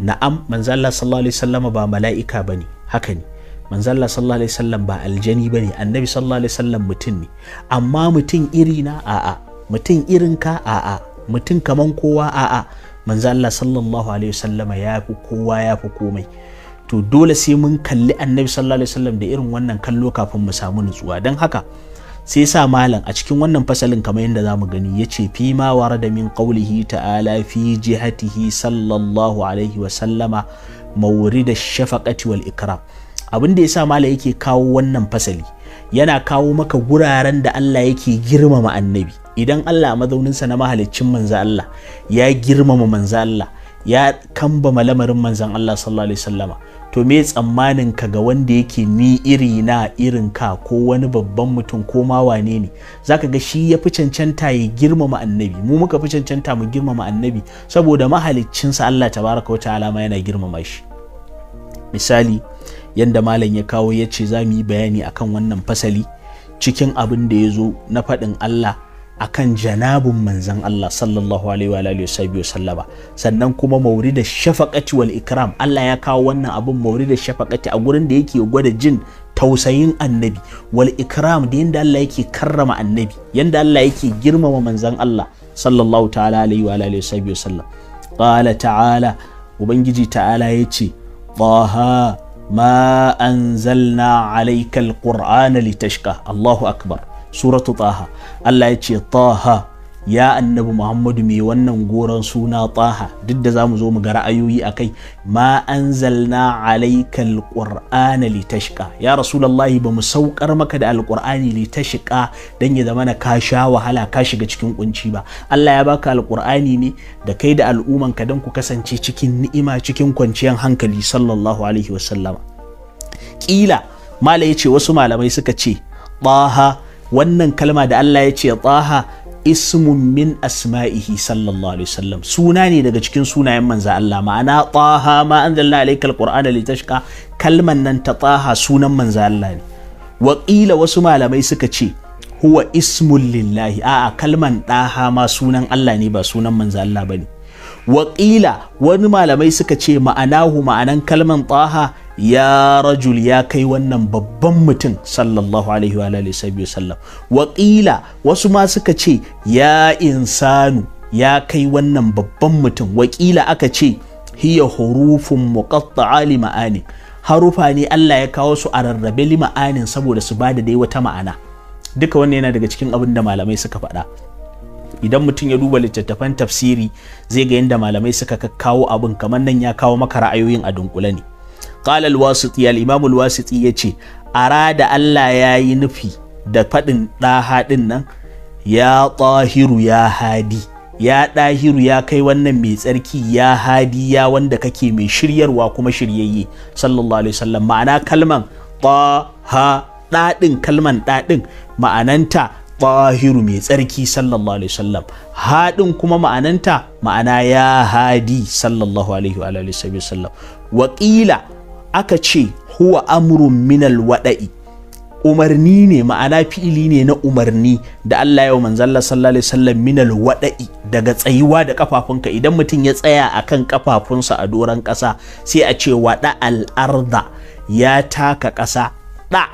na'am manzo Allah sallallahu alaihi wasallam ba mala'ika bane haka ne manzo Allah sallallahu alaihi wasallam ba aljani bane annabi sallallahu alaihi wasallam mutum ne amma mutum iri na a'a mutum irin ka a'a mutum kaman kowa a'a manzo Allah sallallahu alaihi wasallama ya fi kowa ya fi komai to dole sai mun kalli annabi sallallahu alaihi wasallam da irin wannan kallo kafin mu samu nutsuwa don haka sai sa malam a cikin wannan fasalin kamar yadda zamu gani ya fi ma warada min qawlihi ta'ala fi jihatihi sallallahu alaihi wa sallama mawrida shafaqati wal ikram abin da yasa malam yake kawo wannan fasali yana kawo maka guraren da Allah yake girmama annabi idan Allah a mazauninsa na mahaliccin manzo Allah ya girmama manzo Allah ya kambama lamarin manzon Allah sallallahu alaihi wasallama to me tsammanin ka ga wanda yake ni iri na irin ka ko wani babban mutum ko ma wane ne zaka ga shi ya fi cancanta ya girmama annabi mu muka fi cancanta mu girmama annabi saboda mahaliccinsa Allah tabaraka wata alama yana girmama shi misali yadda malam ya kawo ya ce za mu yi bayani akan wannan fasali cikin abin da ya zo na faɗin Allah akan janabun manzan Allah sallallahu alaihi wa sallama sannan kuma maurida shafaƙaci wal ikram Allah ya kawo wannan abun maurida shafaqati a gurin da yake gwada jin tausayin annabi wal ikram da yanda Allah yake karrama annabi yanda Allah yake girmama manzan Allah sallallahu ta'ala alaihi wa alihi sallam qala ta'ala ubangiji ta'ala yace taha ma anzalna alaykal qur'ana litashqa Allahu akbar suratu taha Allah ya ce taha ya annabi muhammadu mai wannan goron suna taha duk da za mu zo mu ga ra'ayoyi a kai ma anzalna alaika alqur'ana litashqa ya rasulullahi ba mu saukar maka da alqur'ani litashqa dan ya zama na ka sha wahala ka shiga cikin kunci ba Allah ya baka alqur'ani ne da kai da al'umman ka dan ku kasance cikin ni'ima cikin kwanciyar hankali sallallahu alaihi wasallama kila mala ya ce wasu malamai suka ce taha wannan kalma da Allah ya ce taha ismun min asma'ihi sallallahu alaihi wasallam suna ne daga cikin sunayen manzo Allah ma'ana taha ma anzalna alayka alqur'ana litashqa kalman nan ta taha sunan manzo Allah ne waƙila wasu malamai suka ce huwa ismun lillahi a'a kalman ɗaha ma sunan Allah ne ba sunan manzo Allah bane waƙila wani malamai suka ce ma'anahu ma'anan kalman tsaha. ya rajul ya kai wannan babban mutum sallallahu alaihi wa alihi sallam waƙila wasu ma suka ce ya insanu ya kai wannan babban mutum waƙila aka ce hiya hurufun muqatta'a li ma'ani harufa ne Allah ya kawo su a rarrabe li ma'anin saboda su bada dai wata ma'ana duka wannan yana daga cikin abin da malamai suka faɗa idan mutum ya duba littattafan tafsiri zai ga yadda malamai suka kawo abin kamar nan ya kawo maka ra'ayoyin a dunkule ne qala al-wasiti al-imam al-wasiti yace arada Allah yayi nufi da faɗin daha din nan ya tahiru ya hadi ya ɗahiru ya kai wannan mai tsarki ya hadi ya wanda kake mai shiryarwa kuma shiryayye sallallahu alaihi wasallam ma'ana kalman ta ha ɗaɗin kalman ɗaɗin ma'ananta tahiru mai tsarki sallallahu alaihi wasallam haɗin kuma ma'ananta ma'ana ya hadi sallallahu alaihi wa sallam waƙila aka ce huwa amrun minal waɗa'i umarni ne ma'ana fi'ili ne na umarni da Allah ya manzalla sallallahu alaihi minal wada'i daga tsayuwa da kafafunka idan mutum ya tsaya akan kafafunsa a doron ƙasa sai a ce wada al'arda ya taka ƙasa da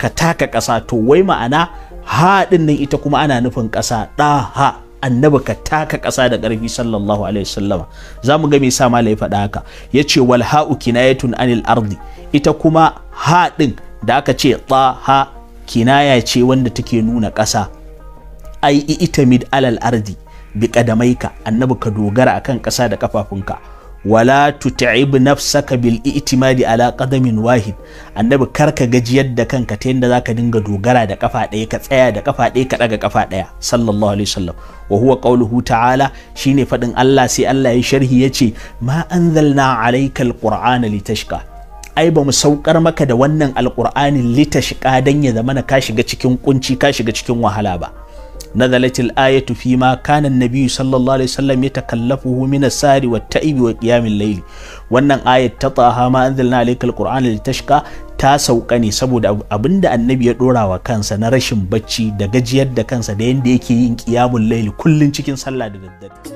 ka taka ƙasa to wai ma'ana haɗin nan ita kuma ana nufin ƙasa ɗa ha annabi ka taka ƙasa da ƙarfi sallallahu alaihi wasallama za mu ga me sa mala ya faɗa haka ya ce wal ha'u kinayatun anil ardi ita kuma ha ɗin da aka ce ta ha kinaya ce wanda take nuna ƙasa ai itamid alal ardi bi kadamaika annabi ka dogara akan ƙasa da kafafunka wala tuta'ib nafsaka bil i'timadi ala kadamin wahid annabi kar ka gajiyar da kanka ta yadda zaka dinga dogara da kafa ɗaya ka tsaya da kafa ɗaya ka daga kafa ɗaya sallallahu alaihi wasallam wa huwa qauluhu ta'ala shine fadin Allah sai Allah ya sharhi yace ma anzalna alayka alqur'ana litashqa ai ba mu saukar maka da wannan alqur'anin litashqa dan ya zamana ka shiga cikin kunci ka shiga cikin wahala ba نزلت الآية فيما كان النبي صلى الله عليه وسلم يتكلفه من السهر والتعب وقيام الليل وأن آية تطاها ما أنزلنا عليك القرآن لتشكى ta sauka ne saboda abinda annabi ya dora wa kansa na rashin bacci da gajiyar da kansa da yadda yake yin kiyamun laili kullun cikin sallah da daddare